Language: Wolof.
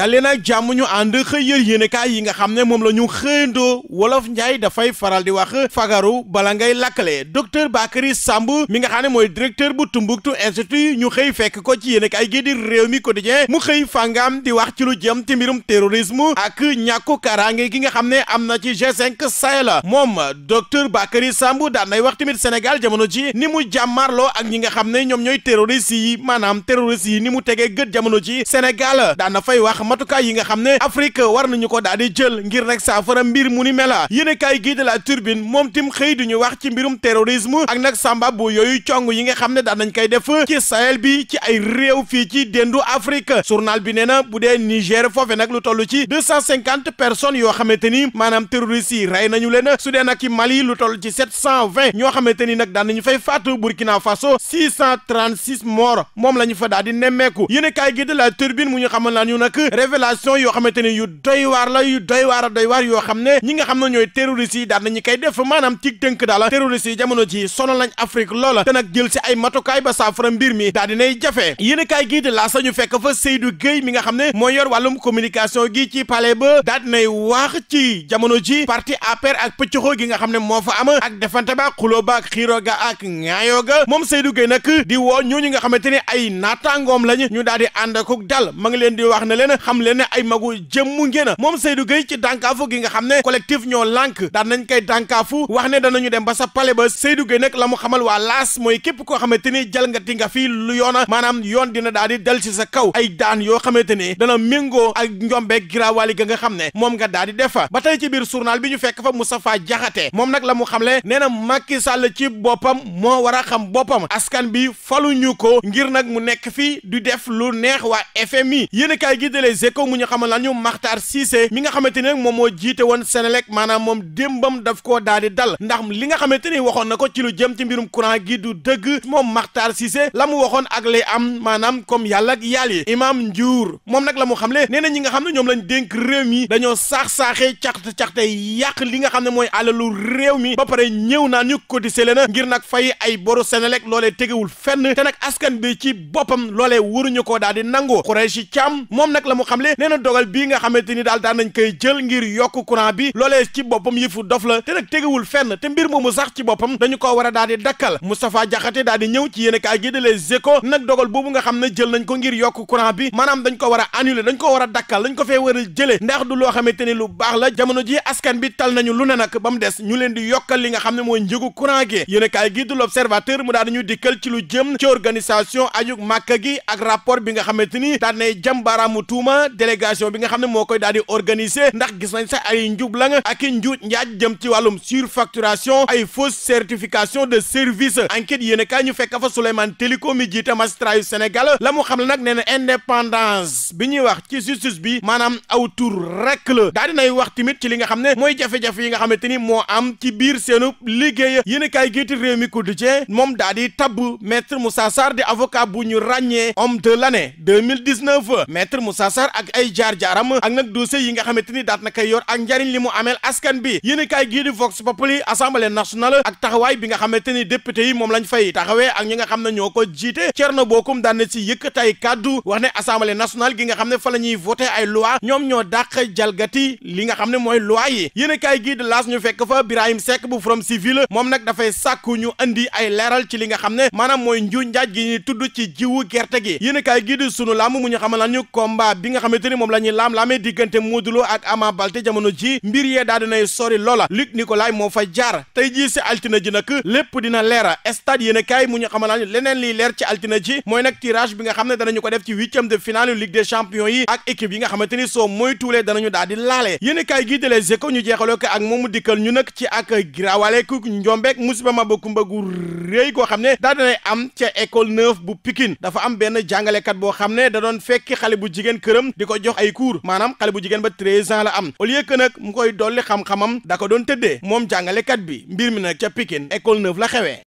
dalee nag jàmm ñu ànd xëy yër kaa yi nga xam ne moom la ñu xëyandoo wolof njaay dafay faral di wax fagaru bala ngay lakkale docteur Bakary Samb mi nga xam mooy directeur bu Tumbuktu institut ñu xëy fekk ko ci yéenekaay gi di réew mi quotidien mu xëy fàngaam di wax ci lu jëm ci mbirum terrorisme ak ñàkku kaaraange gi nga xam ne am na ci G5 Sahel moom docteur Bakary Samb daan nay wax tamit Sénégal jamono ji ni mu jàmmarloo ak ñi nga xam ne ñoom ñooy terroristes yi maanaam terroristes yi ni mu tegee gët jamono ji Sénégal daan fay wax matukaay yi nga xam ne Afrique war nañu ko daal di jël ngir rek saafara mbir mu ni mela yéen kaay gii de la turbine moom tim xëy duñu wax ci mbirum terrorisme ak nag samba bu yooyu cong yi nga xam ne daan nañ koy def ci Sahel bi ci ay réew fii ci dendu Afrique surnal bi nee na bu dee Niger foofe nag lu toll ci deux cent cinquante personnes yoo xamante ni maanaam terroristes yi rey nañu leen su dee nag ci Mali lu toll ci sept cent vingt ñoo xamante ni nag daan nañu fay faatu Burkina Faso six cent trente six morts moom la ñu fa di nemmeeku yéen kaay gii de la turbine mu ñu xamal naa ñu nag révélation yoo xamante ne yu doy waar la yu doy waar a waar yoo xam ne ñi nga xam ne ñooy terroristes yi daan nañu koy def maanaam tig tënk daala terroristes yi jamono ji sonal nañ Afrique loola te nag jël si ay matukaay ba saafara mbir mi daa dinay jafe yéen kaay gii di laasa ñu fekk fa Seydou Guèye mi nga xam ne mooy yor wàllum communication gi ci palais ba daa dinay waax ci jamono ji parti APR ak pëccaxoo gi nga xam ne moo fa am ak defante ba xuloo ba ak xiiroo ga ak ŋaayoo ga moom Seydou Guèye nag di woo ñooñu nga xamante ne ay naataangoom lañ ñu daal di ànd ak dal ma ngi leen di wax ne leen xam leen ne ay magu jëmmu ngeen a moom Seydou Gueye ci dànkaafu gi nga xam ne collectif ñoo lànk daan nañ koy dànkaafu wax ne danañu dem ba sa pale ba Seydou Gueye nag la mu xamal waa laas mooy képp koo xamante ni jël nga ti nga fii lu yoona maanaam yoon dina daal di del si sa kaw ay daan yoo xamante ni dana méngoo ak njombe giraawaali ga nga xam ne moom nga daal di defa ba tey ci biir journal bi ñu fekk fa Moustapha jaxate moom nag la mu xamle nee na Macky Sall ci boppam moo war a xam boppam askan bi faluñu ko ngir nag mu nekk fii du def lu neex waa FMI yéen a kaay les échos mu ñu xamal lañu Makhtar Cissé mi nga xamante ni nag moom moo jiite woon Senelec maanaam moom démbam daf koo daal di dal ndax li nga xamante ni waxoon na ko ci lu jëm ci mbirum courant gi du dëgg moom Makhtar Cissé la mu waxoon ak lay am maanaam comme yàlla yal yàlla yi Imam Ndiour moom nag la xam xamle nee na ñi nga xam ne ñoom lañ dénk réew mi dañoo saax saaxee caxte caxte yàq li nga xam ne mooy alalu réew mi ba pare ñëw naa ñu cotiser leen ngir nag fay ay boru Senelec loolee tegewul fenn te nag askan bi ci boppam loolee waruñu koo daal di nangoo Khoureychi Thiam nag la xam xamle nee na dogal bii nga xamante ni daal daan nañ koy jël ngir yokk courant bi loolee ci boppam yëfu dof la te nag tegewul fenn te mbir moomu sax ci boppam dañu ko war a daal di dakkal Moustapha Diakhaté daal di ñëw ci yéen kaay gi de Les nag dogal boobu nga xam ne jël nañ ko ngir yokk courant bi maanaam dañ ko war a annuler dañ ko war a dakkal dañ ko fee war a ndax du loo xamante ni lu baax la jamono ji askan bi tal nañu lu ne nag ba mu des ñu leen di yokkal li nga xam ne mooy njëgu courant gi yéen kaay gi du L'Observateur mu daal di ñu dikkal ci lu jëm ci gi ak bi nga xamante ni daal nay jam baaraamu tuuma xayma délégation bi nga xam ne moo koy daal di organiser ndax gis nañ sax ay njub la nga ak i njuuj njaaj jëm ci wàllum surfacturation ay fausse certification de service enquête yéen a kaay ñu fekk fa Souleymane Téliko mi jiite magistrat yu Sénégal la mu xam ne nag nee na indépendance bi ñuy wax ci justice bi maanaam aw tur rek la daal di nay wax tamit ci li nga xam ne mooy jafe-jafe yi nga xamante ni moo am ci biir seenu liggéey yéen a kaay giiti réew mi quotidien moom daal di tabb maître Moussa Sarr di avocat bu ñu ràññee homme de l'année 2019 maître Moussa Sarr ak ay jaar-jaaram ak nag dossier yi nga xamante ni daat na koy yor ak njariñ li mu ameel askan bi yéen kaay gii di Vox Populi assemblée nationale ak taxawaay bi nga xamante ni député yi moom lañ fay taxawee ak ñi ñoo ko jiite Thierno Bocoum daan na si yëkkatay kàddu wax ne assemblée nationale gi nga xam ne fa la ñuy ay loi ñoom ñoo dàq jalgati li nga xam ne mooy loi yi yéen kaay gii di ñu fekk fa Birahim Seck bu Forum Civil moom nag dafay sàkku ñu andi ay leeral ci li nga xam ne maanaam mooy nju njaaj gi ñuy tudd gi yéen kaay gii di sunu làmb mu ñu bi nga xamante ni moom la ñuy laam-laamee diggante Modou Lo ak Ama Balde jamono ji mbir yee daal dinay sori loola Luc Nicolaï moo fa jaar tey jii si altine ji nag lépp dina leera stade yéen mu ñu xamal leneen liy leer ci altine ji mooy nag tirage bi nga xam ne danañu ko def ci huitième de finale Ligue des champions yi ak équipe yi nga xamante ni soo moytuwulee danañu daal di laale yéen a kaay gii de Les Échos ñu jeexaloo ko ak moomu dikkal ñu nag ci ak giraawale ma ba kumba gu réy koo xam ne daa dinay am ca école neuf bu Pikine dafa am benn jàngalekat boo xam ne da doon fekki xale bu jigéen kër këram di ko jox ay cours maanaam xale bu jigéen ba treize ans la am au lieu nag mu koy dolli xam-xamam da ko doon tëddee moom jàngalekat bi mbir mi na ca Pikine école neuf la xewee